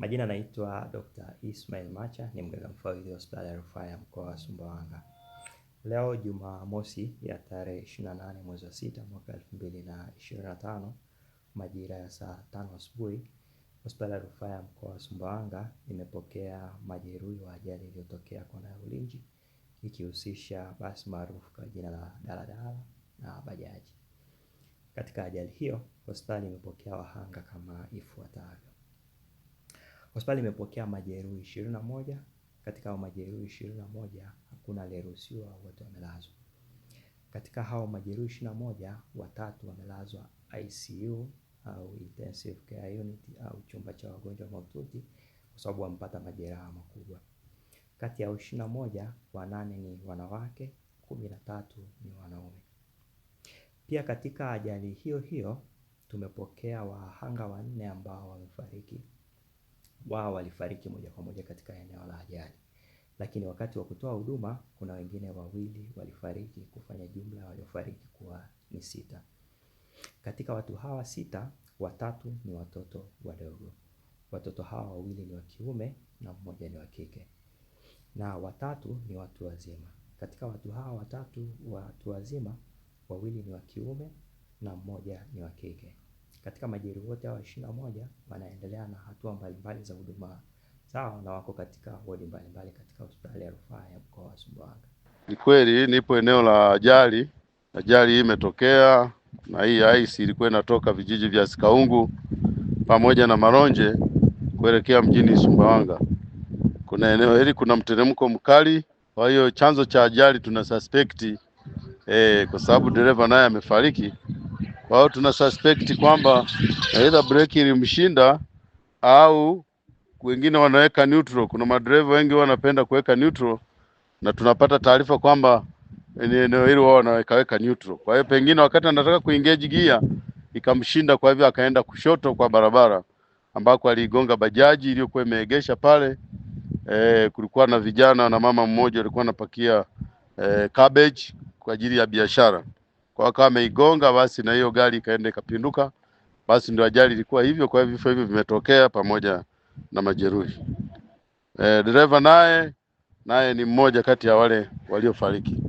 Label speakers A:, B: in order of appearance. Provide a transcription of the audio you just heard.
A: Majina naitwa Dr. Ismail Macha ni mganga mfawidhi wa hospitali ya rufaa ya mkoa wa Sumbawanga. Leo Jumamosi ya tarehe 28 mwezi wa sita mwaka 2025 majira ya saa tano asubuhi hospitali ya rufaa ya mkoa wa Sumbawanga imepokea majeruhi wa ajali iliyotokea kona ya Ulinzi ikihusisha basi maarufu kwa jina la daladala na bajaji. Katika ajali hiyo hospitali imepokea wahanga kama ifuatavyo. Hospitali imepokea majeruhi ishirini na moja. Katika hao majeruhi ishirini na moja hakuna aliyeruhusiwa, wote wamelazwa. Katika hao majeruhi ishirini na moja watatu wamelazwa ICU au intensive care unit au chumba cha wagonjwa mahututi kwa sababu wamepata majeraha makubwa. Kati ya ishirini na moja wanane ni wanawake, kumi na tatu ni wanaume. Pia katika ajali hiyo hiyo tumepokea wahanga wanne ambao wamefariki wao walifariki moja kwa moja katika eneo la ajali, lakini wakati wa kutoa huduma kuna wengine wawili walifariki, kufanya jumla waliofariki kuwa ni sita. Katika watu hawa sita, watatu ni watoto wadogo. Watoto hawa wawili ni wa kiume na mmoja ni wa kike, na watatu ni watu wazima. Katika watu hawa watatu watu wazima, wawili ni wa kiume na mmoja ni wa kike. Katika majeruhi wote hao ishirini na moja wanaendelea na hatua mbalimbali za huduma zao na wako katika wodi mbalimbali katika hospitali ya rufaa ya mkoa wa Sumbawanga.
B: Ni kweli nipo eneo la ajali, ajali hii imetokea na hii aisi ilikuwa inatoka vijiji vya Sikaungu pamoja na Maronje kuelekea mjini Sumbawanga. Kuna eneo hili kuna mteremko mkali, kwa hiyo chanzo cha ajali tuna suspect eh, kwa sababu dereva naye amefariki. Kwa hiyo tuna suspect kwamba either break ilimshinda au wengine wanaweka neutral. Kuna madereva wengi wanapenda kuweka neutral, na tunapata taarifa kwamba eneo hilo wao wanawekaweka neutral. Kwa hiyo pengine wakati anataka kuengage gear ikamshinda, kwa hivyo akaenda kushoto kwa barabara ambako aliigonga bajaji iliyokuwa imeegesha pale. E, kulikuwa na vijana na mama mmoja alikuwa anapakia e, eh, cabbage kwa ajili ya biashara wakawa wameigonga, basi na hiyo gari ikaenda ikapinduka, basi ndio ajali ilikuwa hivyo. Kwa hiyo vifo hivyo vimetokea pamoja na majeruhi. E, dereva naye naye ni mmoja kati ya wale waliofariki.